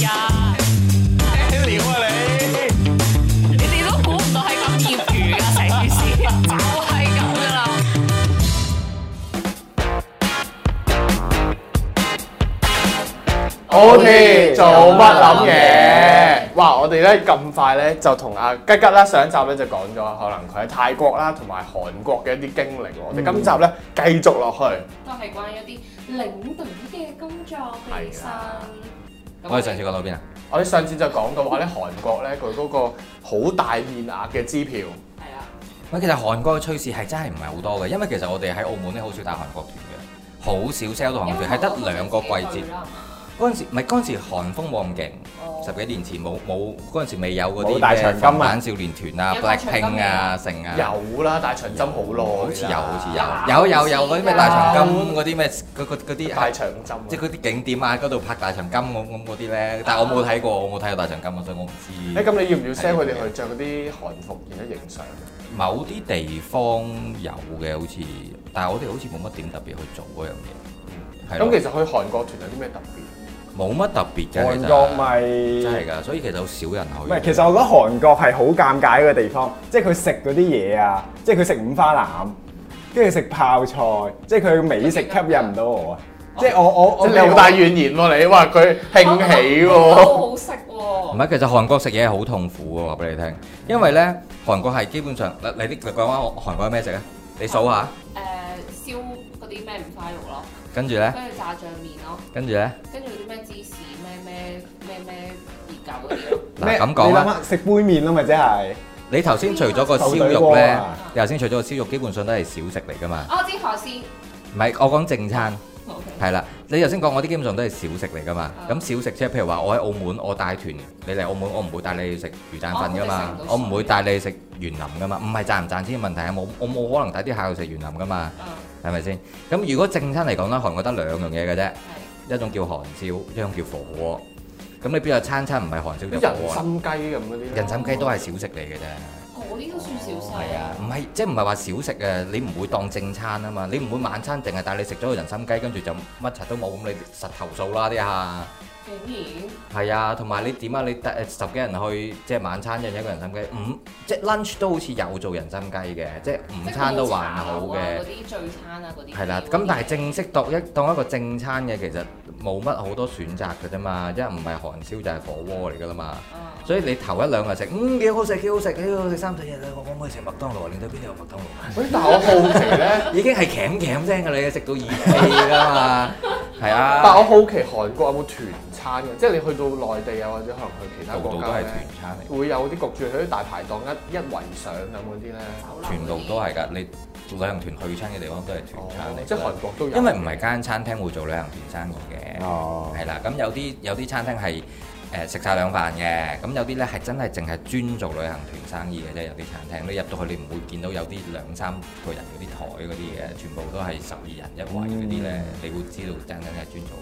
呀！咩料啊你？你哋都估唔到係咁業餘啊，成件事就係咁噶啦。O K，做乜諗嘢？哇！我哋咧咁快咧就同阿吉吉啦上一集咧就講咗，可能佢喺泰國啦同埋韓國嘅一啲經歷。我哋今集咧繼續落去，都係關於一啲領導嘅工作人生。我哋上次講到邊啊？我哋上次就講到話咧， 韓國咧佢嗰個好大面額嘅支票。係啊。咁其實韓國嘅趨勢係真係唔係好多嘅，因為其實我哋喺澳門咧好少打韓國團嘅，好少 sell 到韓國團，係得為兩個季節。嗰陣時唔係嗰陣時韓風望勁，十幾年前冇冇嗰陣時未有嗰啲、啊啊啊、大,大,大長今啊少年團啊 Blackpink 啊成啊有啦，大長今好耐，好似有好似有有有有嗰啲咩大長今嗰啲咩嗰啲大長今，即係嗰啲景點啊，嗰度拍大長今，咁我啲咧，但我冇睇過，我冇睇過大長今，所以我唔知、啊。誒，咁你要唔要 send 佢哋去着嗰啲韓服嚟影相？某啲地方有嘅好似，但係我哋好似冇乜點特別去做嗰樣嘢。咁、嗯嗯、其實去韓國團有啲咩特別？冇乜特別嘅，韓國真係。咪真係㗎，所以其實好少人去。唔係，其實我覺得韓國係好尷尬嘅地方，即係佢食嗰啲嘢啊，即係佢食五花腩，跟住食泡菜，即係佢美食吸引唔到我啊！即係我我、啊、我好大怨言咯、啊，你話佢興起喎、啊啊啊啊，好好食喎。唔係，其實韓國食嘢係好痛苦喎、啊，話俾你聽，因為咧韓國係基本上你啲，你講翻韓國有咩食啊？你數下。啊啊燒嗰啲咩五花肉咯，跟住咧，跟住炸醬麵咯，跟住咧，跟住嗰啲咩芝士咩咩咩咩熱狗嗰啲咯。嗱，咁講啦，食杯麪啦咪即係。你頭先除咗個燒肉咧，頭先除咗個燒肉，基本上都係小食嚟㗎嘛。哦，我知海鮮。唔係，我講正餐。OK。係啦，你頭先講我啲基本上都係小食嚟㗎嘛。咁小食即係譬如話，我喺澳門，我帶團你嚟澳門，我唔會帶你去食魚蛋粉㗎嘛，我唔會帶你去食元林㗎嘛。唔係賺唔賺錢嘅問題，我我冇可能帶啲客去食元林㗎嘛。係咪先？咁如果正餐嚟講啦，韓國得兩樣嘢嘅啫，是一種叫韓燒，一種叫火鍋。咁你邊有餐餐唔係韓燒就火鍋啊？人蔘雞咁嗰啲，人蔘雞都係小食嚟嘅啫。嗰啲都算小食。係啊，唔係即係唔係話小食啊？你唔會當正餐啊嘛？你唔會晚餐淨係帶你食咗個人蔘雞，跟住就乜柒都冇咁，你實投訴啦啲下。係、嗯、啊，同埋你點啊？你第十幾人去即係晚餐，一人一個人參雞五，即係 lunch 都好似有做人參雞嘅，即係午餐都還好嘅。啲聚餐、啊、餐啊，啲係啦。咁、啊、但係正式當一當一個正餐嘅，其實。冇乜好多選擇嘅啫、就是、嘛，即係唔係韓燒就係火鍋嚟噶啦嘛，所以你頭一兩日食，嗯，幾好食幾好食幾好食，三四日我可唔可以食麥當勞， 你對邊度有麥當勞？喂，但係我好奇咧，已經係夾夾聲嘅你食到熱氣㗎嘛，係啊，但我好奇韓國有冇團餐嘅，即係你去到內地啊，或者可能去其他國家咧，會有啲焗住喺啲大排檔一一圍上咁嗰啲咧，全路都係㗎你。旅行團去親嘅地方都係團餐嚟、哦，即係韓國都有。因為唔係間餐廳會做旅行團生意嘅，係啦、哦。咁有啲有啲餐廳係誒食晒兩飯嘅，咁有啲咧係真係淨係專做旅行團生意嘅啫。有啲餐廳你入到去你唔會見到有啲兩三個人嗰啲台嗰啲嘅，全部都係十二人一圍嗰啲咧，你會知道真真正專做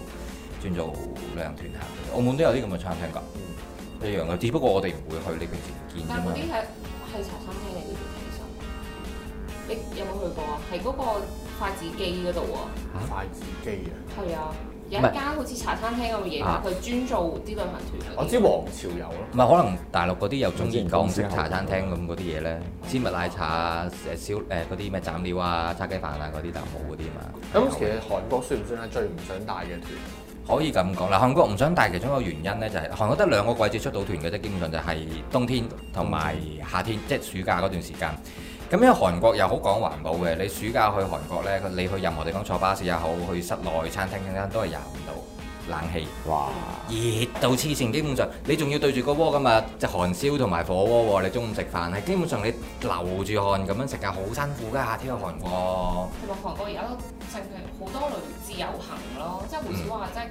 專做旅行團客。澳門都有啲咁嘅餐廳㗎，一樣嘅。只不過我哋唔會去，你平時唔見啫嘛。但、就係、茶餐廳。你有冇去過啊？係嗰個筷子基嗰度喎。筷子基啊？係啊，有一間好似茶餐廳咁嘅嘢，佢、啊、專做啲旅行團。我知黃朝有咯。唔係，可能大陸嗰啲又中意講啲茶餐廳咁嗰啲嘢咧，芝麻、嗯、奶茶啊、嗯嗯、燒誒嗰啲咩斬料啊、叉雞飯啊嗰啲就冇嗰啲啊嘛。咁其實韓國算唔算係最唔想帶嘅團？可以咁講嗱，韓國唔想帶其中一個原因咧，就係韓國得兩個季節出到團嘅啫，基本上就係冬天同埋夏天，嗯、即係暑假嗰段時間。咁因為韓國又好講環保嘅，你暑假去韓國咧，你去任何地方坐巴士又好，去室內餐廳等等都係廿五度冷氣，哇！嗯、熱到黐線，基本上你仲要對住個鍋㗎嘛，即韓燒同埋火鍋喎。你中午食飯係基本上你流住汗咁樣食嘅，好辛苦㗎，夏天去韓國。同埋韓國而家都成日好多類自由行咯，即係唔係話即係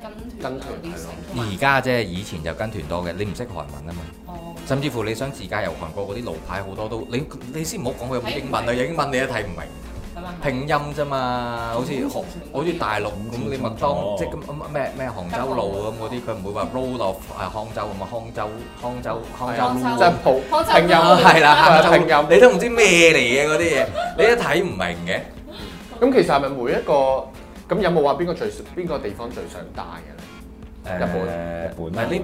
跟團嗰啲先。而家即係以前就跟團多嘅，你唔識韓文啊嘛。嗯哦甚至乎你想自駕遊韓國嗰啲路牌好多都，你你先唔好講佢有冇英文啊？有英文你都睇唔明，拼音啫嘛，好似學好似大陸咁，你麥當即咁乜乜咩咩杭州路咁嗰啲，佢唔會話 Road of 係杭州同埋杭州杭州杭州，即係普拼音係啦，拼音你都唔知咩嚟嘅嗰啲嘢，你都睇唔明嘅。咁其實係咪每一個咁有冇話邊個最邊個地方最想帶嘅咧？日本日本咩？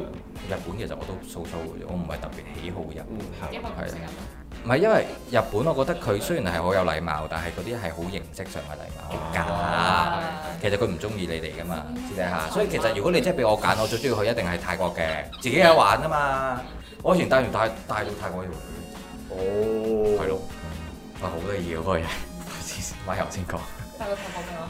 日本其實我都掃掃，我唔係特別喜好日本。係啦的，唔係的因，因為日本，我覺得佢雖然係好有禮貌，但係嗰啲係好形式上嘅禮貌，好假啊。其實佢唔中意你哋噶嘛，嗯、知唔知啊？所以其實如果你真係俾我揀，我最中意去一定係泰國嘅，自己去玩啊嘛。我以前帶完帶帶到泰國去。哦，係咯，但好多嘢嗰個嘢，先先玩遊先講。帶過泰國啦。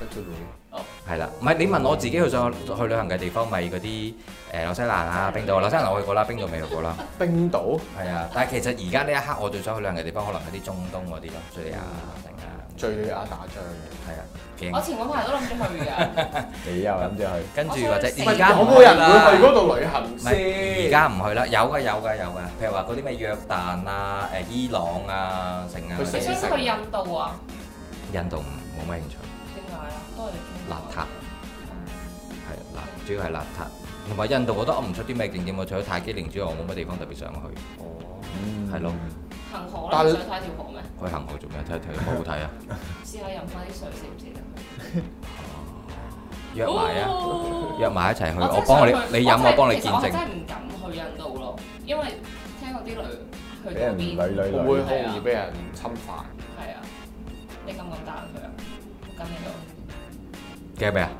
我？係啦，唔係你問我自己去想去旅行嘅地方，咪嗰啲誒紐西蘭啊、冰島，紐西蘭我去過啦，冰島未去過啦。冰島？係啊，但係其實而家呢一刻我最想去旅行嘅地方，可能係啲中東嗰啲咯，敍利亞成啊。敘利亞打仗，係啊，驚！我前嗰排都諗住去嘅，你又諗住去？跟住或者而家有冇人會去嗰度旅行先？而家唔去啦，有噶有噶有噶，譬如話嗰啲咩約旦啊、誒伊朗啊成啊。你想去印度啊？印度冇咩興趣。點解啊？都係。邋遢，係啦，主要係邋遢，同埋印度我都噏唔出啲咩景點。我除咗泰姬陵之外，我冇乜地方特別想去。哦，係咯。恆河啦，睇下條河咩？去恆河做咩？睇睇好唔好睇啊？試下飲翻啲水，試唔試得？約埋啊！約埋一齊去。我幫你，你飲我幫你見證。我真係唔敢去印度咯，因為聽過啲女去邊，女女會好易俾人侵犯。係啊，你敢唔敢打佢啊？跟你度。驚咩啊？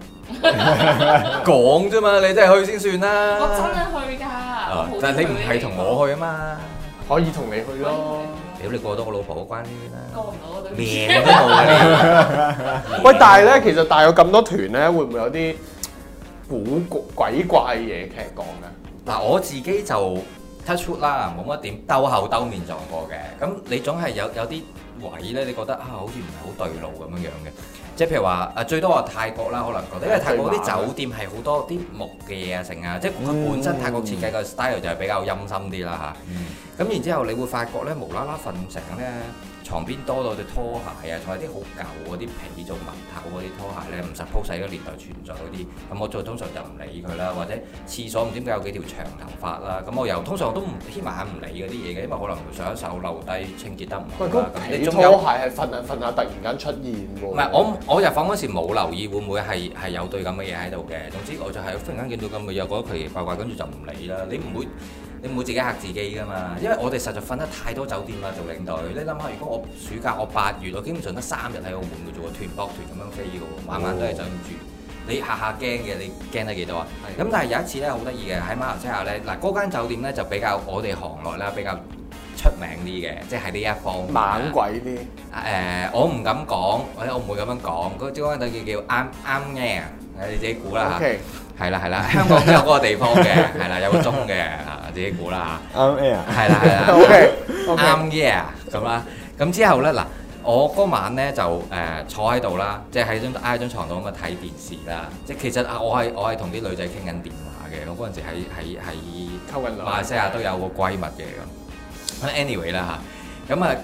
講啫嘛，你真係去先算啦。我真係去噶。啊，但係你唔係同我去啊嘛，可以同你去咯。屌，你過到我老婆嗰關先啦。過唔到我老婆，咩都冇。喂，但係咧，其實但係有咁多團咧，會唔會有啲古古鬼怪嘢聽講啊？嗱，我自己就 touch 啦，冇乜點兜口兜面撞過嘅。咁你總係有有啲位咧，你覺得啊，好似唔係好對路咁樣樣嘅。即係譬如話，誒最多話泰國啦，可能覺得，因為泰國啲酒店係好多啲木嘅嘢、嗯、啊，成啊、嗯，即係佢本身泰國設計個 style 就係比較陰森啲啦嚇。咁然之後，你會發覺咧，無啦啦瞓醒咧。嗯旁邊多咗對拖鞋啊，同埋啲好舊嗰啲皮做襪頭嗰啲拖鞋咧，唔實鋪曬嗰年代存在嗰啲，咁我就通常就唔理佢啦，或者廁所唔知點解有幾條長頭髮啦，咁我又通常我都黐埋眼唔理嗰啲嘢嘅，因為可能會上一手留低，清潔得唔好。你仲有鞋係瞓下瞓下突然間出現喎？唔係我我入房嗰時冇留意會唔會係係有對咁嘅嘢喺度嘅，總之我就係、係、忽然間見到咁嘅嘢，覺得奇奇怪怪，跟住就唔理啦。你唔會？你唔會自己嚇自己噶嘛？因為我哋實在瞓得太多酒店啦，做領隊。你諗下，如果我暑假我八月，我基本上都三日喺澳門嘅啫喎，團 book 團咁樣飛嘅喎，晚晚都係酒店住。你下下驚嘅，你驚得幾多啊？咁但係有一次咧，好得意嘅喺馬來西亞咧，嗱嗰間酒店咧就比較我哋行內咧比較出名啲嘅，即係呢一方猛鬼啲。誒，我唔敢講，或者我唔會咁樣講。嗰即係等佢叫啱啱啱，你自己估啦嚇。係啦係啦，香港都有嗰個地方嘅，係啦有個鐘嘅。自己估啦嚇，啱 A 啊，係啦係啦，O K，啱 Yeah 咁啦，咁之後咧嗱，我嗰晚咧就誒、呃、坐喺度啦，即係喺張挨喺張牀度咁樣睇電視啦，即係其實啊，我係我係同啲女仔傾緊電話嘅，我嗰陣時喺喺喺馬來西亞都有個閨蜜嘅咁。Anyway 啦嚇。嗯咁啊，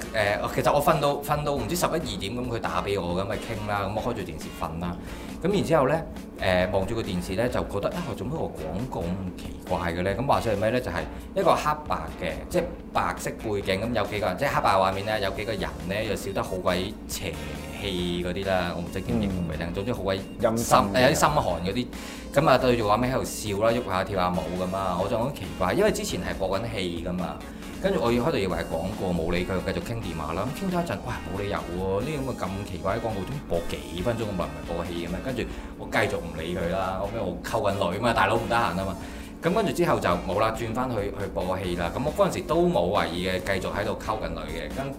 誒，其實我瞓到瞓到唔知十一二點咁，佢打俾我咁咪傾啦，咁我開住電視瞓啦。咁然之後咧，誒望住個電視咧，就覺得啊，做咩個廣告咁奇怪嘅咧？咁話說係咩咧？就係一個黑白嘅，即係白色背景咁有幾個人，即係黑白畫面咧，有幾個人咧又笑得好鬼邪氣嗰啲啦。我唔識點形容嚟㗎，嗯、總之好鬼陰心，有啲心寒嗰啲。咁啊對住話咩喺度笑啦，喐下跳下舞咁啊，我就覺得奇怪，因為之前係播緊戲㗎嘛。跟住我要開頭，以為係廣告，冇理佢，繼續傾電話啦。咁傾咗一陣，哇，冇理由喎，啊！呢咁嘅咁奇怪嘅廣告，都播幾分鐘，咁咪唔係播戲嘅咩？跟住我繼續唔理佢啦。後尾我溝緊女啊嘛，大佬唔得閒啊嘛。咁跟住之後就冇啦，轉翻去去播戲啦。咁我嗰陣時都冇懷疑嘅，繼續喺度溝緊女嘅。跟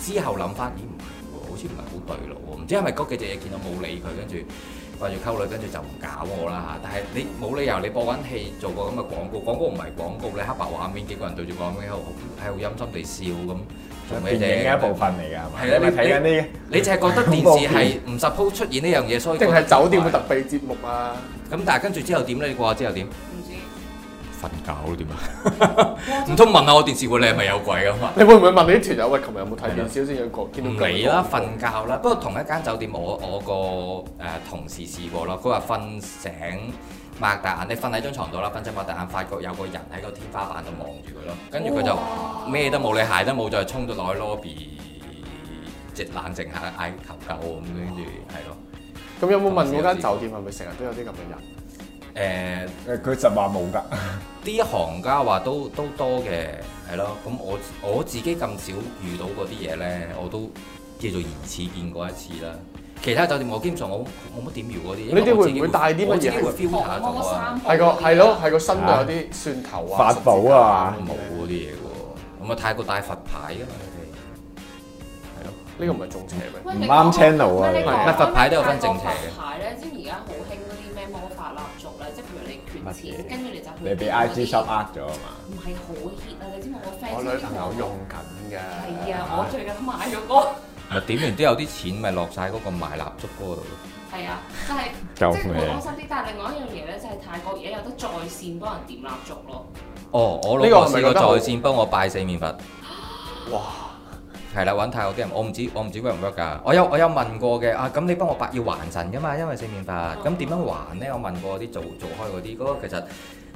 之後諗翻，咦？唔係喎，好似唔係好對路。唔知係咪嗰幾隻嘢見到冇理佢，跟住。掛住溝女，跟住就唔搞我啦嚇！但係你冇理由你播緊戲做個咁嘅廣告，廣告唔係廣告，你黑白畫面幾個人對住講，好睇好陰森地笑咁。電影嘅一部分嚟㗎，係咪的？係啦，你睇緊啲，你就係覺得電視係唔 supposed 出現呢樣嘢，所以。淨係酒店嘅特備節目啊！咁但係跟住之後點咧？你話之後點？瞓覺咯點啊？唔通 問下我電視櫃你係咪有鬼咁、啊、嘛？你會唔會問你啲團友喂？琴日有冇睇有少少有個見到鬼？唔理啦，瞓覺啦。不過同一間酒店我，我我個誒、呃、同事試過啦，佢話瞓醒擘大眼，你瞓喺張床度啦，瞓醒擘大眼，發覺有個人喺個天花板度望住佢咯。跟住佢就咩哇都冇，你鞋都冇，就係衝咗落去 lobby，即冷靜下嗌求救咁。跟住係咯。咁哇有冇問嗰間酒店係咪成日都有啲咁嘅人？誒誒，佢、呃、就話冇㗎。啲 行家話都都多嘅，係咯。咁我我自己咁少遇到嗰啲嘢咧，我都叫做疑似見過一次啦。其他酒店我經常我冇乜點遇嗰啲。呢啲會唔會，會帶啲乜嘢？我啲會 filter 咗啊。係個係咯，係個身都有啲蒜頭啊。法寶啊，冇嗰啲嘢喎。咁啊，泰國帶佛牌啊。呢個唔係中邪咩？唔啱 channel 啊！你講佛牌都有分正邪牌咧，即係而家好興嗰啲咩魔法蠟燭咧，即係譬如你捐錢，跟住你就你俾 IG 收呃咗啊嘛？唔係好 hit 啊！你知唔知我 friend 我女朋友用緊㗎。係啊！我最近買咗個。咪點完都有啲錢咪落晒嗰個賣蠟燭嗰度咯。係啊，但係即係講心啲，但係另外一樣嘢咧，就係泰國而家有得在線幫人點蠟燭咯。哦，我呢個，我試過在線幫我拜四面佛。哇！係啦，揾泰國啲人，我唔知我唔知 work 唔 work 㗎。我有我有問過嘅，啊咁你幫我拜要還神㗎嘛，因為四面佛。咁點樣還呢？我問過啲做做開嗰啲，嗰、嗰個其實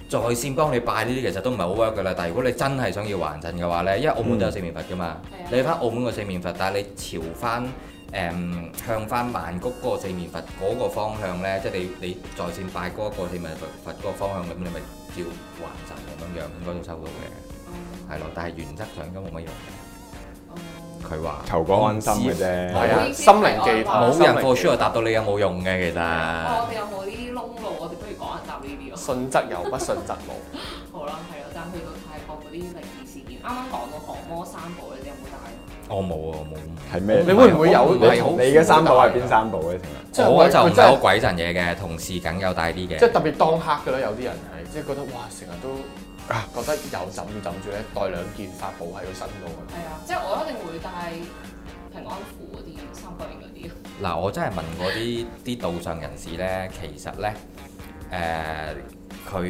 在線幫你拜呢啲其實都唔係好 work 㗎啦。但係如果你真係想要還神嘅話呢，因為澳門、嗯、就有四面佛㗎嘛，的你翻澳門個四面佛，但係你朝翻誒、嗯、向翻曼谷嗰個四面佛嗰個，嗰個方向呢，即、就、係、是、你你在線拜嗰個四面佛佛嗰個方向咁，你咪照還神咁樣樣，應該都收到嘅。係咯、嗯，但係原則上都冇乜用。佢話求個安心嘅啫，係啊，心靈寄託，冇人過出來答到你有冇用嘅，其實。我哋有冇呢啲窿路？我哋不如講下答呢啲咯。信則有，不信則無。好啦，係啊，但係去到泰國嗰啲靈異事件，啱啱講到降魔三部，你哋有冇帶？我冇啊，我冇。係咩？你會唔會有？你嘅三部係邊三部嘅？成日即係我就唔係好鬼陣嘢嘅，同事梗有帶啲嘅。即係特別當刻嘅咯，有啲人係即係覺得哇，成日都。啊！覺得有枕住枕住咧，帶兩件發布喺個身度嘅。係啊，即係我一定會帶平安符嗰啲、三國印嗰啲。嗱，我真係問過啲啲道上人士咧，其實咧，誒、呃。佢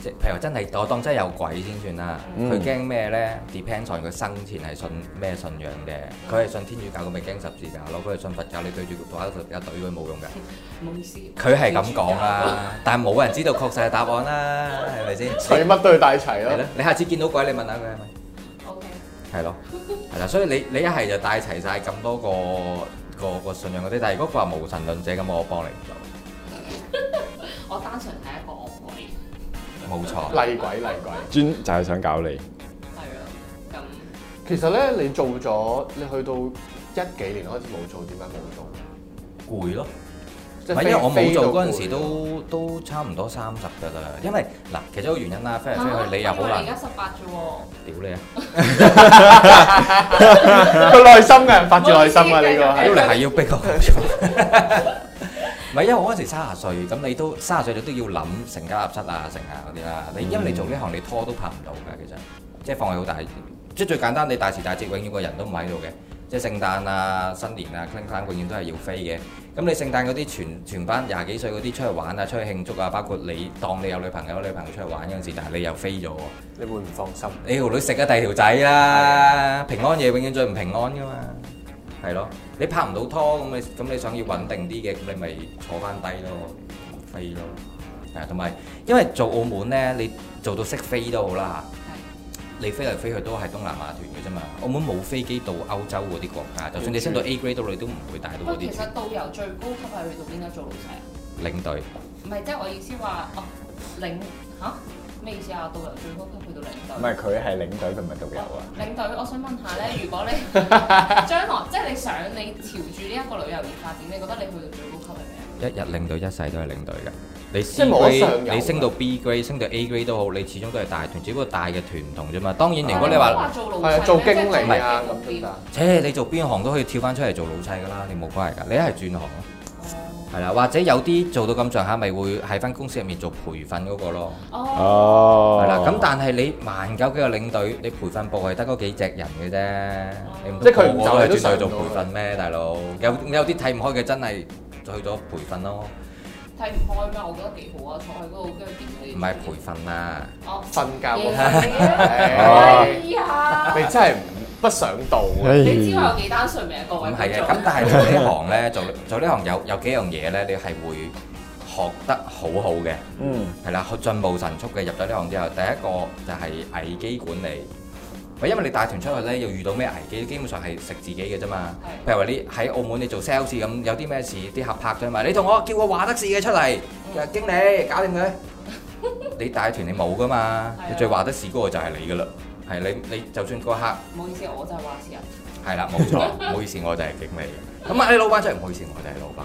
即係譬如話真係我當真係有鬼先算啦，佢驚咩咧？Depends on 佢生前係信咩信仰嘅。佢係信天主教，佢咪驚十字架。如果佢係信佛教，你對住個十字架懟佢冇用嘅。冇意思。佢係咁講啦，但係冇人知道確實嘅答案啦，係咪先？所以乜都要帶齊咯。係咯。你下次見到鬼，你問下佢係咪？OK。係咯，係啦。所以你你一係就帶齊曬咁多個個個信仰嗰啲，但係如果佢話無神論者，咁我幫你唔到。我單純係一個惡鬼，冇錯，厲鬼厲鬼，專就係想搞你。係啊，咁其實咧，你做咗，你去到一幾年開始冇做，點解冇做？攰咯，唔係因為我冇做嗰陣時都都差唔多三十㗎啦。因為嗱，其中一個原因啦，飛嚟飛去，你又好難，而家十八啫喎，屌你啊！個內心嘅發住內心啊，呢個要嚟係要逼佢。唔係，因為我嗰陣三十歲，咁你都三十歲咗都要諗成家立室啊、成啊嗰啲啦。你、嗯、因為你做呢行，你拖都拍唔到㗎，其實即係放棄好大。即係最簡單，你大時大節永遠個人都唔喺度嘅，即係聖誕啊、新年啊、Christmas 永遠都係要飛嘅。咁你聖誕嗰啲全全班廿幾歲嗰啲出去玩啊、出去慶祝啊，包括你當你有女朋友、有女朋友出去玩嗰陣時，但係你又飛咗，你會唔放心？你條女食咗、啊、第二條仔啦，平安夜永遠最唔平安㗎嘛。係咯，你拍唔到拖咁你，咁你想要穩定啲嘅，咁你咪坐翻低咯，飛咯，係啊，同埋因為做澳門咧，你做到識飛都好啦嚇，係啊。你飛嚟飛去都係東南亞團嘅啫嘛，澳門冇飛機到歐洲嗰啲國家，就算你升到 A grade 到你都唔會帶到嗰啲。係啊。不過其實導遊最高級係去到邊家做老細啊？領隊。唔係，即係我意思話，哦，領嚇咩意思啊？導遊最高級。唔係佢係領隊，同埋係導遊啊！領隊，我想問下咧，如果你將來即係你想你朝住呢一個旅遊業發展，你覺得你去到最高級係咩？一日領隊一世都係領隊嘅，你 C grade，你升到 B grade 升到 A grade 都好，你始終都係大團，只不過大嘅團唔同啫嘛。當然，如果你話係做，做經理啊，切，你做邊行都可以跳翻出嚟做老細噶啦，你冇關係㗎，你一係轉行啊！係啦，或者有啲做到咁上下，咪會喺翻公司入面做培訓嗰個咯。哦，係啦，咁但係你萬九幾個領隊，你培訓部係得嗰幾隻人嘅啫。即係佢唔走都上到。做培訓咩，大佬？有有啲睇唔開嘅真係去咗培訓咯。睇唔開咩？我覺得幾好啊，坐喺嗰度跟住見嗰啲。唔係培訓啦，瞓覺。係啊，你真係唔～不想到，你知我有幾單順唔係個位？唔係嘅，咁但係做行呢行咧，做做呢行有有幾樣嘢咧，你係會學得好好嘅。嗯，係啦，進步神速嘅。入咗呢行之後，第一個就係危機管理。唔係因為你帶團出去咧，要遇到咩危機，基本上係食自己嘅啫嘛。譬是的 如話你喺澳門你做 sales 咁，有啲咩事，啲合拍咗、嗯、嘛，是的 你同我叫個話得事嘅出嚟，就經理搞掂佢。你帶團你冇噶嘛？你最話得事嗰個就係你噶啦。係你你就算嗰刻，唔好意思，我就係話事人。係啦，冇錯，唔好意思，我就係經理。咁啊，你老闆真係唔好意思，我就係老闆。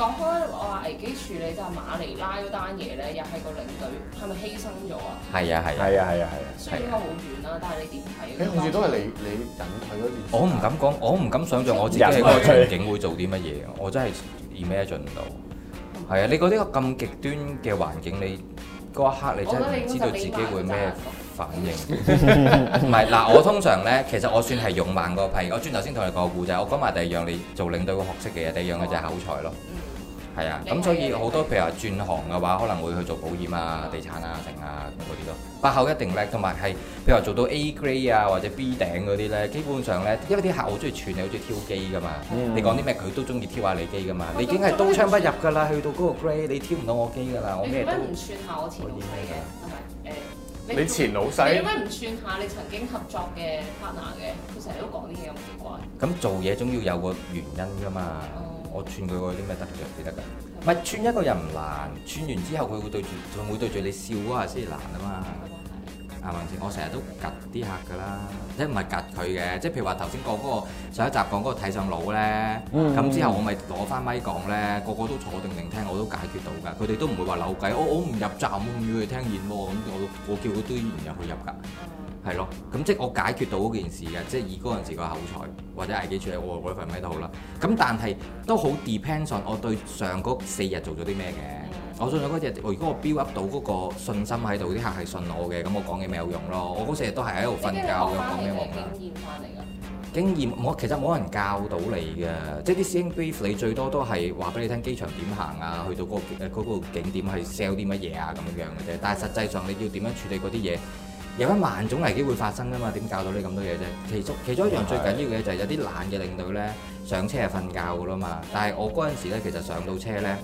講開話危機處理，就馬尼拉嗰單嘢咧，又係個領隊係咪犧牲咗啊？係啊係啊係啊係啊，所以應該好遠啦。但係你點睇？誒，好似都係你你引退嗰段。我唔敢講，我唔敢想像我自己喺個場景會做啲乜嘢，我真係 imagine 唔到。係啊，你嗰啲個咁極端嘅環境，你嗰一刻你真係唔知道自己會咩？反應，唔係，嗱，我通常咧，其實我算係勇猛個，譬如我轉頭先同你講個故仔，我講埋第二樣你做領隊會學識嘅嘢，第二樣嘅就係口才咯，係啊，咁所以好多譬如話轉行嘅話，可能會去做保險啊、地產啊、成啊嗰啲咯，八口一定叻，同埋係譬如話做到 A grade 啊或者 B 頂嗰啲咧，基本上咧，因為啲客好中意串，你好中意挑機噶嘛，你講啲咩佢都中意挑下你機噶嘛，你已經係刀槍不入噶啦，去到嗰個 grade 你挑唔到我機噶啦，我咩都唔串下我前提嘅，你前老細？你點解唔串下你曾經合作嘅 partner 嘅？佢成日都講啲嘢咁奇怪。咁做嘢總要有個原因㗎嘛。嗯、我串佢嗰啲咩得着？先得㗎。唔、嗯、串一個人唔難，串完之後佢會對住，仲會對住你笑嗰下先難啊嘛。嗯嗯阿、啊、文傑，我成日都夾啲客㗎啦，即唔係夾佢嘅，即係譬如話頭先講嗰個上一集講嗰個睇上腦咧，咁、嗯嗯、之後我咪攞翻咪講咧，個個都坐定定聽，我都解決到㗎，佢哋都唔會話扭計、哦，我我唔入站喎，唔要聽完喎、哦，咁我，我都我叫佢都依然入去入㗎，係咯，咁即係我解決到嗰件事嘅，即係以嗰陣時個口才或者危機處理，我覺得份麥都好啦。咁但係都好 depend on 我對上嗰四日做咗啲咩嘅。我仲有嗰隻，如果我 build up 到嗰個信心喺度，啲客係信我嘅，咁我講嘢咪有用咯。我嗰四日都係喺度瞓覺嘅，講咩經驗啊？經驗嚟㗎。經驗我其實冇人教到你嘅，即係啲 CNB 你最多都係話俾你聽機場點行啊，去到嗰、嗰個嗰個景點係 sell 啲乜嘢啊咁樣嘅啫。但係實際上你要點樣處理嗰啲嘢？有一萬種危機會發生㗎嘛？點教到你咁多嘢啫？其中其中一樣最緊要嘅就係有啲懶嘅領隊咧，上車係瞓覺㗎啦嘛。但係我嗰陣時咧，其實上到車咧。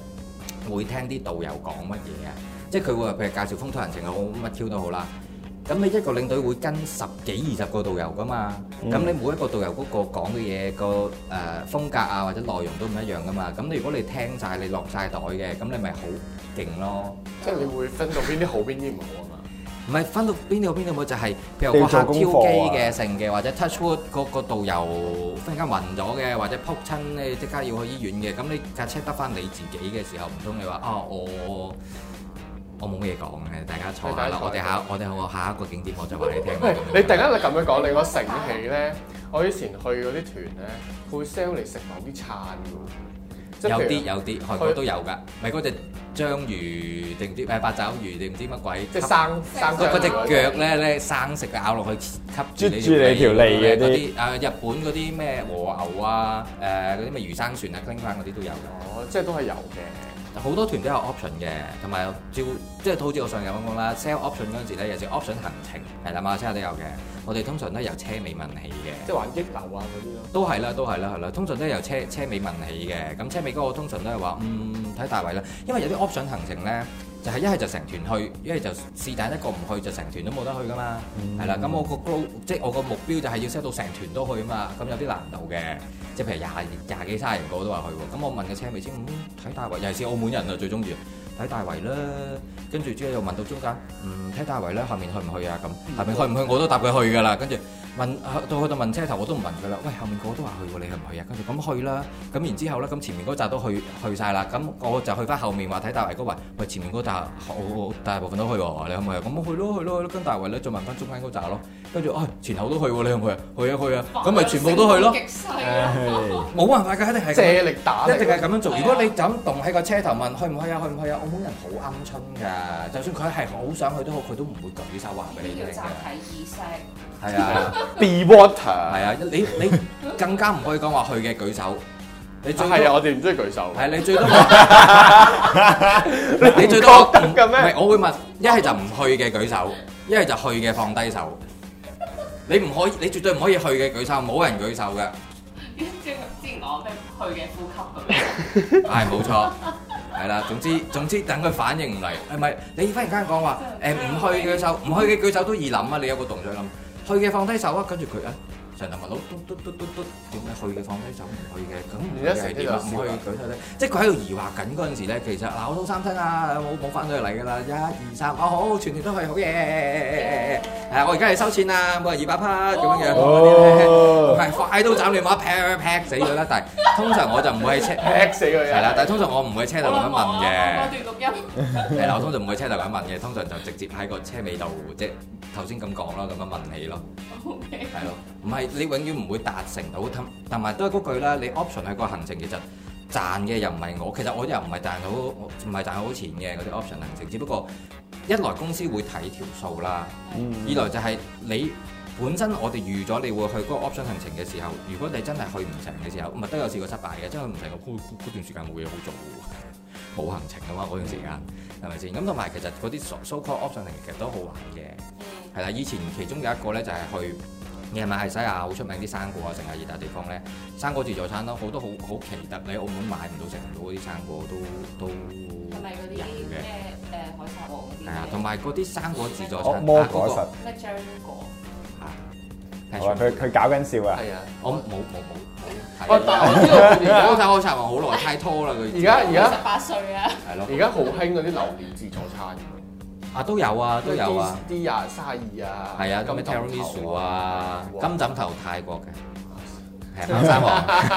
會聽啲導遊講乜嘢啊？即係佢會話譬如介紹風土人情好乜超都好啦。咁你一個領隊會跟十幾二十個導遊噶嘛？咁、嗯、你每一個導遊嗰個講嘅嘢個誒風格啊或者內容都唔一樣噶嘛？咁你如果你聽晒，你落晒袋嘅，咁你咪好勁咯。即係你會分到邊啲好邊啲唔好啊嘛？ 唔係返到邊度邊度冇就係，譬如我客挑機嘅成嘅，或者 touch wood 嗰個導遊忽然間暈咗嘅，或者仆親咧即刻要去醫院嘅。咁你架車得翻你自己嘅時候，唔通你啊話啊我我冇乜嘢講嘅，大家坐啦。下坐下我哋下我哋下一個景點，我就話你聽話你。你突然間你咁樣講，你我成氣咧。我以前去嗰啲團咧，佢會 sell 嚟食某啲餐㗎有啲有啲韓國都有㗎，唔只。章魚定啲誒八爪魚定唔知乜鬼，即係生吸生嗰嗰隻腳咧咧呢生食嘅咬落去吸住你條脷嗰啲，誒些、呃、日本嗰啲咩和牛啊，誒嗰啲咩魚生船啊，昆坤嗰啲都有，哦，即係都係有嘅。好多團都有 option 嘅，同埋照，即係好似我上日講講啦，sell option 嗰陣時咧，有時 option 行程係啦，嘛，車都有嘅。我哋通常都由車尾問起嘅，即係話一流啊嗰啲咯。都係啦，都係啦，係啦。通常都係由車車尾問起嘅，咁車尾嗰個通常都係話，嗯，睇大圍啦，因為有啲 option 行程咧。就係一係就成團去，一係就是但一個唔去就成團都冇得去噶嘛，係啦、嗯。咁我個 goal 即係我個目標就係要 set 到成團都去啊嘛。咁有啲難度嘅，即係譬如廿廿幾卅人個都話去喎。咁我問個車尾先，嗯，睇大圍，尤其是澳門人啊最中意睇大圍啦。跟住主要又問到中間，嗯，睇大圍咧，後面去唔去啊？咁後面去唔去我都答佢去㗎啦。跟住。問到去到問車頭我都唔問佢啦。喂，後面個個都話去喎，你去唔去啊？跟住咁去啦。咁然之後咧，咁前面嗰扎都去去晒啦。咁我就去翻後面話睇大圍嗰位。喂，前面嗰扎好大部分都去喎，你去唔去啊？咁去咯，去咯，跟大圍咧再問翻中間嗰扎咯。跟住唉，前後都去喎，你去唔去？去啊，去啊。咁咪全部都去咯。冇辦法㗎，一定係借力打，一定係咁樣做。如果你就咁棟喺個車頭問去唔去啊？去唔去啊？澳門人好鵪鶉㗎，就算佢係好想去都好，佢都唔會舉手話俾你嘅。呢叫集體意識。係啊，be water 係啊，你你更加唔可以講話去嘅舉手，你最係啊，我哋唔中意舉手，係你最多，你覺得嘅咩？唔係，我會問一係就唔去嘅舉手，一係就去嘅放低手。你唔可以，你絕對唔可以去嘅舉手，冇人舉手嘅。之前之前我咩去嘅呼吸咁樣，係冇錯係啦。總之總之等佢反應唔嚟，係咪你忽然間講話誒唔去嘅舉手，唔去嘅舉手都易諗啊！你有個動作諗。去嘅放低手啊，跟住佢啊，上頭問嘟嘟嘟嘟嘟，點解去嘅放低手唔去嘅？咁你一成唔去舉手咧？即係佢喺度疑惑緊嗰陣時咧，其實嗱，我都三聲啊，我我翻咗嚟㗎啦，一二三，我好，全團都去好嘢，係我而家係收錢啊，每人二百匹咁樣嘅，係快刀斬亂麻劈劈死佢啦。但係通常我就唔會喺車劈死佢。係啦，但係通常我唔會喺車度咁問嘅。掛住錄音係啦，我通常唔會喺車度咁問嘅，通常就直接喺個車尾度啫。頭先咁講啦，咁樣，樣問你咯，係 Okay. 咯，唔係你永遠唔會達成到。同同埋都係嗰句啦，你 option 係個行程，其實賺嘅又唔係我。其實我又唔係賺到，唔係賺好錢嘅嗰啲 option 行程。只不過一來公司會睇條數啦，二來就係你本身我哋預咗你會去嗰個 option 行程嘅時候，如果你真係去唔成嘅時候，咪都有試過失敗嘅。真係唔成嘅嗰嗰段時間會冇嘢好做，冇行程嘅嘛嗰段時間係咪先咁？同埋其實嗰啲 so, so called option 行程其實都好玩嘅。係啦，以前其中有一個咧，就係去你係咪喺西亞好出名啲生果啊，成日熱帶地方咧，生果自助餐咯，好多好好奇特，你澳門買唔到食唔到嗰啲生果都都係咪嗰啲咩誒，海賊王？係啊，同埋嗰啲生果自助餐，魔果實術咩張果嚇？哇！佢佢搞緊笑啊！係啊，我冇冇冇冇我知道你講曬海賊王好耐，太拖啦。佢而家而家十八歲啊，係咯，而家好興嗰啲榴蓮自助餐。啊都有啊，都有啊啲啊沙依啊，係啊，仲啊金枕頭泰國嘅，黑山王黑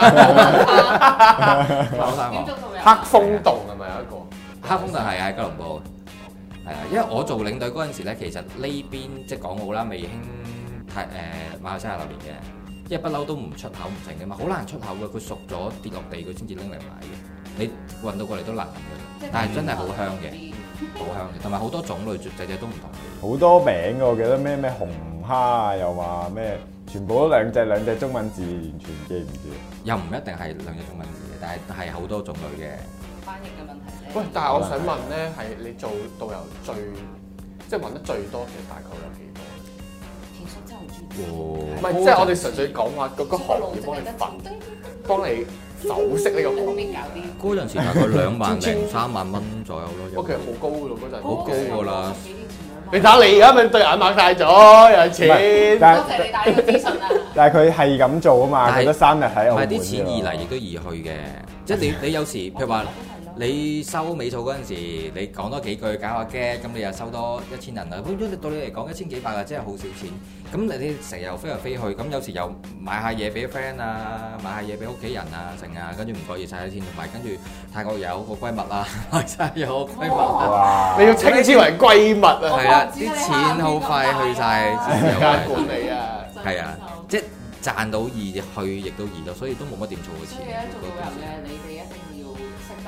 山王，黑風洞，係咪有一個黑風洞？係啊，吉隆坡係啊，因為我做領隊嗰陣時咧，其實呢邊即係港澳啦，未興泰誒馬來西亞榴蓮嘅，因為不嬲都唔出口唔成嘅嘛，好難出口嘅，佢熟咗跌落地佢先至拎嚟賣嘅，你運到過嚟都難嘅，但係真係好香嘅。好香同埋好多種類，隻隻都唔同嘅。好多名我記得咩咩紅蝦又話咩，全部都兩隻兩隻中文字，完全記唔住。又唔一定係兩隻中文字嘅，但係係好多種類嘅。翻譯嘅問題。喂，但係我想問咧，係、啊、你做導遊最即係問得最多嘅，大概有幾多？其實真係唔知。唔係、哦，即係我哋純粹講話嗰個行業幫，幫你。幫你首飾呢個嗰陣時大概兩萬零三萬蚊左右咯，哇，其實好高咯，嗰陣好高噶啦。你睇下你而家咪對眼擘晒咗，有錢，但多謝你，你、啊、但係佢係咁做啊嘛，佢得三日喺我度。唔係啲錢移嚟亦都移去嘅，即係 你有時譬 如話。你收尾數嗰陣時，你講多幾句搞下驚，咁你又收多一千人啊！咁樣對你嚟講一千幾百啊，真係好少錢。咁你啲成日又飛嚟飛去，咁有時又買下嘢俾 friend 啊，買下嘢俾屋企人啊，剩啊，跟住唔覺意曬啲錢，同埋跟住泰國有個閨蜜啊，有閨蜜哇！你要稱之為閨蜜啊！係啊，啲錢好快去曬時間管理啊。係啊，即係賺到易，去亦都易咯，所以都冇乜點儲嘅錢。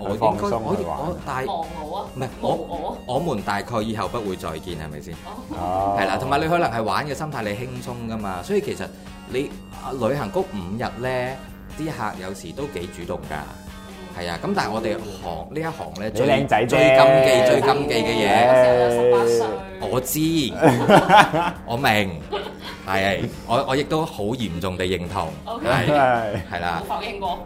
我應該我我我，係唔係我我我們大概以後不會再見係咪先？哦，係啦，同埋你可能係玩嘅心態，你輕鬆噶嘛，所以其實你旅行局五日咧，啲客有時都幾主動㗎，係啊，咁但係我哋行呢一行咧，最禁忌最禁忌嘅嘢，我知我明係，我我亦都好嚴重地認同，係係啦，冇否認過。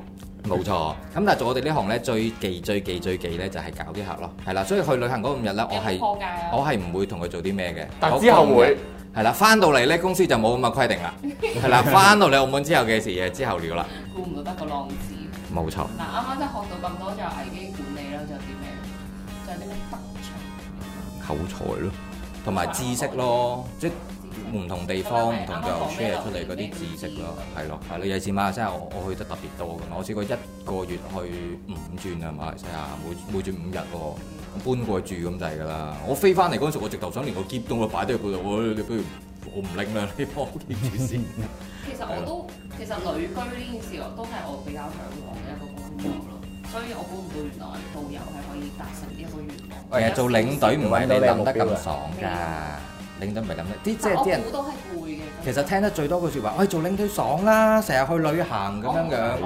冇錯，咁但係做我哋呢行咧，最忌最忌最忌咧就係、是、搞啲客咯，係啦，所以去旅行嗰五日咧，我係我係唔會同佢做啲咩嘅。但之後會係啦，翻到嚟咧公司就冇咁嘅規定啦，係啦， 翻到嚟澳門之後嘅事嘢之後了啦。估唔到得個浪字。冇錯。嗱，啱啱真係學到咁多就危機管理啦，就係啲咩？就係啲咩？德才、口才咯，同埋知識咯，即、 就是。唔同地方唔同就 share 出嚟嗰啲知識咯，係咯，啊，你尤其是馬來西亞我我去得特別多㗎嘛。我試過一個月去五轉啊馬來西亞，每每轉五日喎，搬過去住咁就係㗎啦。我飛翻嚟嗰陣時，我直頭想連個喼都我擺低喺度，你不如我唔拎啦，放住先。其實我都其實旅居呢件事我都係我比較向往嘅一個工作咯，所以我估唔到原來導遊係可以達成一個願望。其實做領隊唔係你諗得咁爽㗎。領隊唔係咁嘅，啲即係啲人都係攰嘅，其實聽得最多嘅説話，喂，做領隊爽啦，成日去旅行咁樣樣，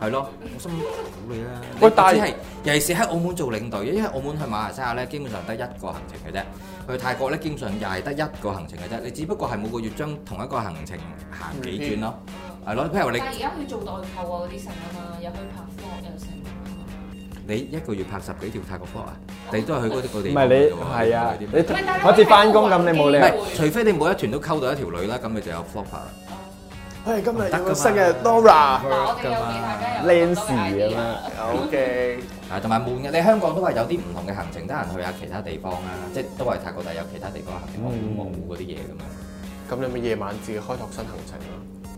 係咯，我心，好你啦。喂，但係尤其是喺澳門做領隊，因為澳門去馬來西亞咧，基本上得一個行程嘅啫；去泰國咧，基本上又係得一個行程嘅啫。你只不過係每個月將同一個行程行幾轉咯，係咯。譬如你而家去做代購啊嗰啲成啊嘛，又去拍貨又成。你一個月拍十幾條泰國貨啊？你都係去嗰啲個地方㗎喎？唔係你係啊？你好似翻工咁，你冇理。唔係，除非你每一團都溝到一條女啦，咁咪就有 flop 喺。喂，今日有個新嘅 Dora，靚士咁樣，OK。係同埋每日你香港都話有啲唔同嘅行程，得閒去下其他地方啊，即係都係泰國，但係有其他地方冇嗰啲嘢㗎嘛。咁你咪夜晚自己開拓新行程咯。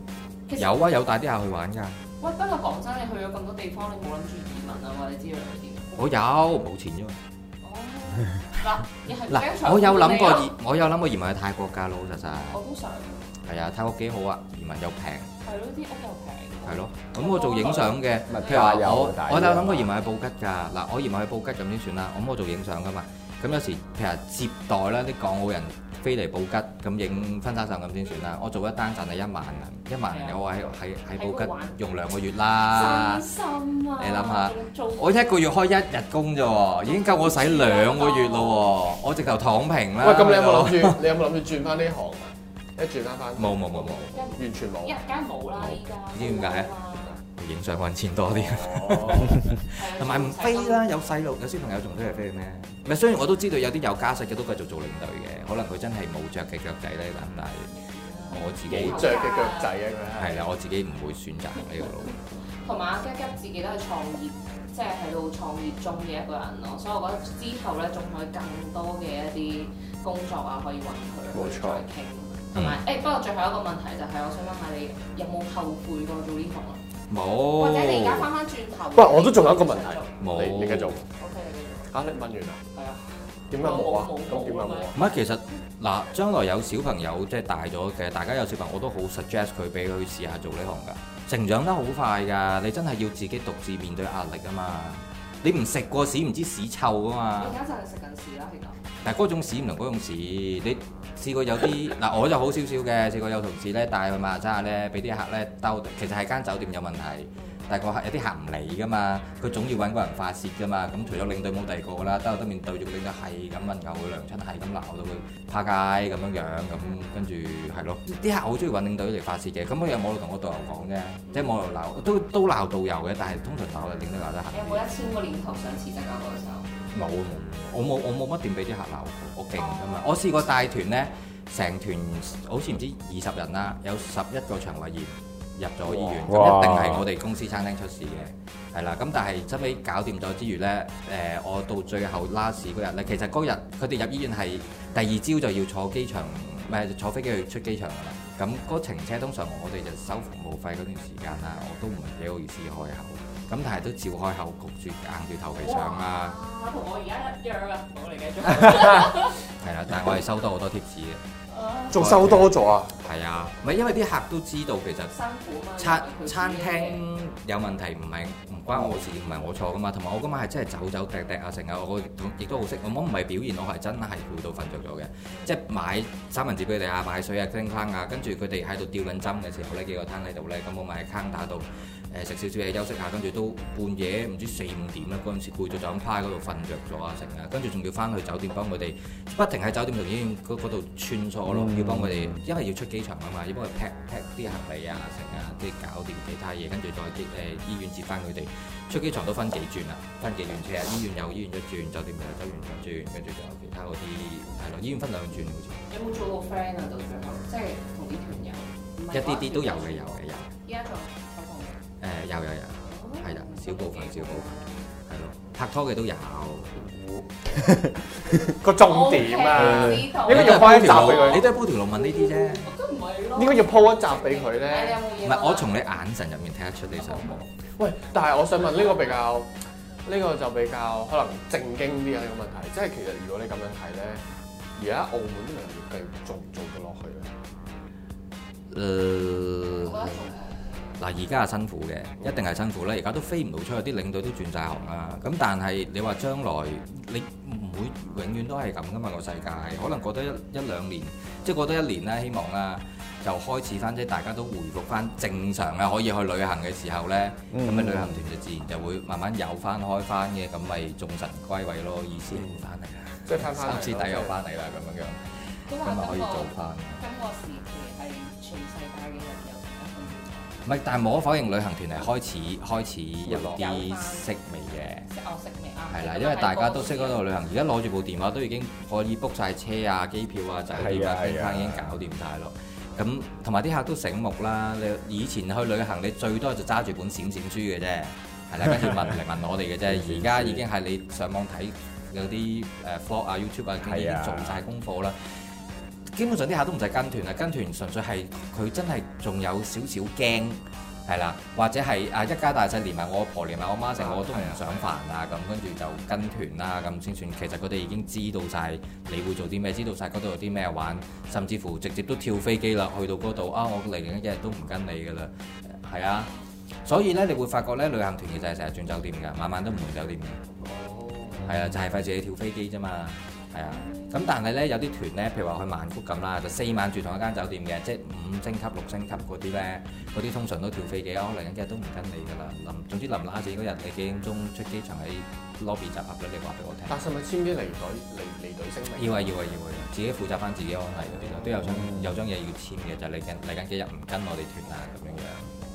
有啊，有帶啲客去玩㗎。喂，不過講真，你去咗咁多地方，你冇諗住移民啊，或者之類嗰啲？我有，冇錢啫嘛。哦，嗱，你係嗱，我有諗過移，我有諗過移民去泰國㗎，老實實。我都想。係啊，泰國幾好啊，移民又平。係咯，啲屋又平。係咯，咁我做影相嘅，譬如話我我有諗過移民去布吉㗎。嗱，我移民去布吉咁先算啦。咁我做影相㗎嘛。咁有時譬如接待啦，啲港澳人飛嚟布吉咁影婚紗相咁先算啦。我做一單賺你一萬銀，一萬銀我喺喺喺布吉用兩個月啦。你諗下，我一個月開一日工咋喎，已經夠我使兩個月咯喎，我直頭躺平啦。喂，咁你有冇諗住？你有冇諗住轉翻呢行啊？一轉翻翻冇冇冇冇，完全冇。一梗冇啦，依家。唔知點解啊？影相揾錢多啲，哦，同埋唔飛啦，啊。有細路，有小朋友，仲需要飛咩？唔係，雖然我都知道有啲有家室嘅都繼續做領隊嘅，可能佢真係冇着嘅腳仔咧。咁但係我自己着嘅，啊、腳仔，係啦，啊，對啊，我自己唔會選擇行呢條路。同埋阿吉吉自己都係創業，即係喺度創業中嘅一個人咯。所以我覺得之後咧仲可以更多嘅一啲工作啊，錯可以揾佢冇傾。同埋誒，不過最後一個問題就係，我想問下你，你有冇後悔過做呢行啊？冇，或者你而家翻翻轉頭，不過我都仲有一個問題，冇有，你你繼續。O K，啊，你繼續。壓力問完啦。係啊。點解冇啊？咁點解冇啊？唔係其實嗱，將來有小朋友即係大咗嘅，大家有小朋友我都好 suggest 佢俾佢試下做呢行㗎。成長得好快㗎，你真係要自己獨自面對壓力啊嘛。你唔食過屎唔知屎臭㗎嘛。而家就係食緊屎啦，嗱嗰種屎唔同嗰種屎，你試過有啲嗱、啊、我就好少少嘅，試過有同事咧帶去馬來西亞咧，俾啲客咧兜，其實係間酒店有問題，但係個客有啲客唔理噶嘛，佢總要揾個人發泄噶嘛，咁除咗領隊冇第二個啦，兜得面對住領隊係咁問候佢娘親係咁鬧到佢拍街咁樣樣，咁跟住係咯，啲客好中意揾領隊嚟發泄嘅。咁佢又冇同個導遊講啫，即係冇鬧都都鬧導遊嘅，但係通常我哋領隊鬧得閒。有冇、欸、一千個年頭上廁所嗰個手？冇，我冇我冇乜點俾啲客鬧，我勁㗎嘛。我試過帶團呢，成團好似唔知二十人啦，有十一個腸胃炎入咗醫院，咁哇一定係我哋公司餐廳出事嘅，係啦哇。咁但係收尾搞掂咗之餘呢，誒、呃，我到最後 last 嗰日咧，其實嗰日佢哋入醫院係第二朝就要坐機場，唔、呃、係坐飛機去出機場㗎啦。咁、嗰、程車通常我哋就收服務費嗰段時間啦，我都唔係幾好意思開口。咁但係都照開口，焗住硬住頭皮上啦。啊，同我而家一樣啊，冇嚟嘅。係啦，但係我係收多好多貼紙嘅，仲收多咗啊！係啊，唔係因為啲客都知道其實餐餐廳有問題，唔係唔關我事，唔係我錯㗎嘛。同埋我今晚係真係走走趯趯啊，成日我亦都好識我，我唔係表現，我係真係攰到瞓著咗嘅。即係買三文治俾你啊，買水啊，傾翻啊，跟住佢哋喺度吊緊針嘅時候咧，幾個攤喺度咧，咁我咪喺坑打到。誒食少少嘢休息下，跟住都半夜唔知四五點啦。嗰陣時攰咗就咁趴喺嗰度瞓着咗啊，成啊！跟住仲要翻去酒店幫佢哋不停喺酒店同醫院嗰度穿梭咯，要幫佢哋，因為要出機場啊嘛，要幫佢 pack pack 啲行李啊，成啊，即係搞掂其他嘢，跟住再接誒、呃、醫院接翻佢哋出機場都分幾轉啦，分幾轉車，醫院有醫院一轉，酒店又走完兩轉，跟住仲有其他嗰啲係咯，醫院分兩轉好似、啊。有冇做過 friend 啊？到最後即係同啲團友，一啲啲都有嘅，有嘅有。依家就～誒有有有，係啦，少部分少部分，係咯，拍拖嘅都有。個重點啊，應該要鋪條路俾佢。你都係鋪條路問呢啲啫，都唔係咯。應該要鋪一集俾佢咧。唔係，我從你眼神入面睇得出呢首歌。喂，但係我想問呢個比較，呢個就比較可能正經啲啊。呢個問題，即係其實如果你咁樣睇咧，而家澳門啲行業繼續做唔做得落去咧？誒。嗱，而家係辛苦嘅，一定係辛苦啦。而家都飛唔到出去，啲領隊都轉晒行啦。咁但係你話將來你唔會永遠都係咁嘅嘛？這個世界可能過多一、一兩年，即係過多一年啦，希望啦，就開始翻即大家都回復翻正常啊，可以去旅行嘅時候咧，咁嘅、嗯嗯、旅行團就自然就會慢慢有翻開翻嘅，咁咪眾神歸位咯，意思翻嚟、嗯嗯、即係翻翻甚至抵有翻嚟啦，咁、嗯 okay. 樣樣都話可以做翻。今個時期係全世界嘅人。唔係，但係冇否認，旅行團係開始開始入啲色味嘅，色惡啦，的因為大家都識嗰度旅行，而家攞住部電話都已經可以 book 晒車啊、機票啊、酒店啊、地方的已經搞掂晒咯。咁同埋啲客都醒目啦。你的以前去旅行，你最多就揸住本閃閃書嘅啫，係啦，跟住問嚟 問我哋嘅啫。而家閃已經係你上網睇有啲誒 vlog 啊、YouTube 啊，經已經做晒功課啦。基本上啲客都唔使跟團啦，跟團純粹係佢真係仲有少少驚，係啦，或者係啊一家大細連埋我婆連埋我媽，成、啊、我都唔想煩啊咁，跟住就跟團啦咁先算。其實佢哋已經知道晒，你會做啲咩，知道晒嗰度有啲咩玩，甚至乎直接都跳飛機啦，去到嗰度啊，我嚟另一日都唔跟你噶啦，係啊。所以咧，你會發覺咧，旅行團其實係成日轉酒店㗎，晚晚都唔同酒店㗎，係啊，就係費事你跳飛機啫嘛。係啊，咁但係咧有啲團咧，譬如話去曼谷咁啦，就四晚住同一間酒店嘅，即係五星級、六星級嗰啲咧，嗰啲通常都跳飛幾多，嚟緊幾日都唔跟你噶啦。林，總之林嗱嗰日你幾點鐘出機場喺 lobby 集合咧，你話俾我聽。但係咪簽啲離隊離離隊聲明？要啊要啊要啊，自己負責翻自己安危嗰啲都有張有張嘢要簽嘅，就係、是、你嚟嚟緊幾日唔跟我哋團啊咁樣樣，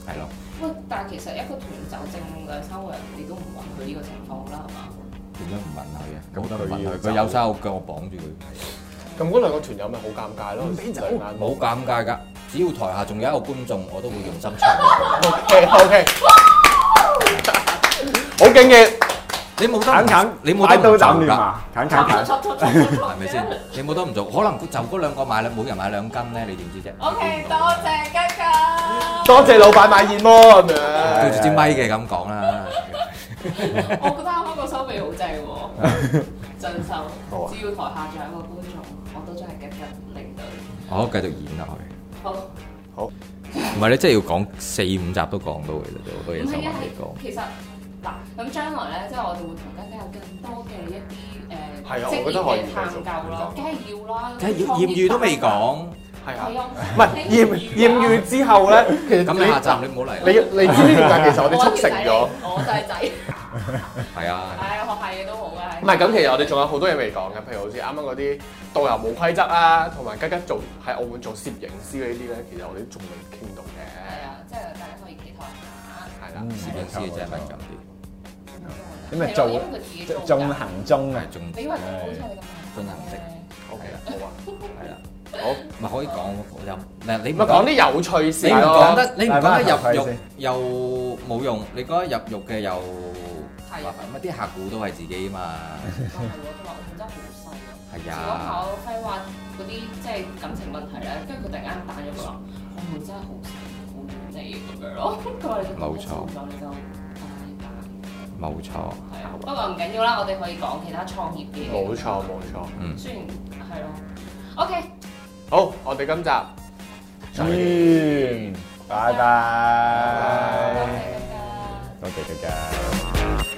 係咯。喂，但係其實一個團走正嘅兩三個人，你都唔話佢呢個情況啦，係嘛？點解唔問佢嘅？冇得問佢，佢有手有腳，我綁住佢。咁嗰兩個團友咪好尷尬咯？好，冇尷尬噶，只要台下仲有一個觀眾，我都會用心唱。OK，OK，好勁嘅！你冇得揀揀，你冇得唔揀，揀揀揀，係咪先？你冇得唔做，可能就嗰兩個買啦，每人買兩斤咧，你點知啫？O K，多謝嘉嘉，多謝老闆買燕窩咁樣。對住支咪嘅咁講啦。 我覺得啱啱個收尾好正喎，真心。只要台下仲有一個觀眾，我都真係急急離隊。我、哦、繼續演落去。好。好。唔係你即係要講四五集都講到、啊，其實都好多嘢想講。其實嗱，咁將來咧，即係我哋會同大家有更多嘅一啲誒積極嘅探究咯，梗係要啦。梗係要，業餘業都未講。但 係啊，唔係驗驗完之後咧，其實你下集你唔好嚟，你嚟呢條街其實我哋促成咗。我就係仔。係啊。係啊，學下嘢都好嘅。係。唔係咁，其實我哋仲有好多嘢未講嘅，譬如好似啱啱嗰啲導遊冇規則啊，同埋吉吉做喺澳門做攝影師呢啲咧，其實我哋仲未傾到嘅。係啊，即係大家可以期待下，係啦。攝影師就係乜咁啲？咁咪就進行中啊！進行中，OK 啦，好啊，係啦。好咪可以講個錄音，嗱你唔講啲有趣先，你唔講得，你唔覺得入肉又冇用，你覺得入肉嘅又麻煩，咁啊啲客戶都係自己啊嘛。係我都話我真係好細啊，係啊。我講開話嗰啲即係感情問題咧，跟住佢突然間彈咗出嚟，我真係好細好嫩地咁樣咯。佢話你冇錯，冇錯，係啊。不過唔緊要啦，我哋可以講其他創業嘅。冇錯冇錯，嗯，雖然係咯，OK。好，我哋今集再見，拜拜，多謝大家。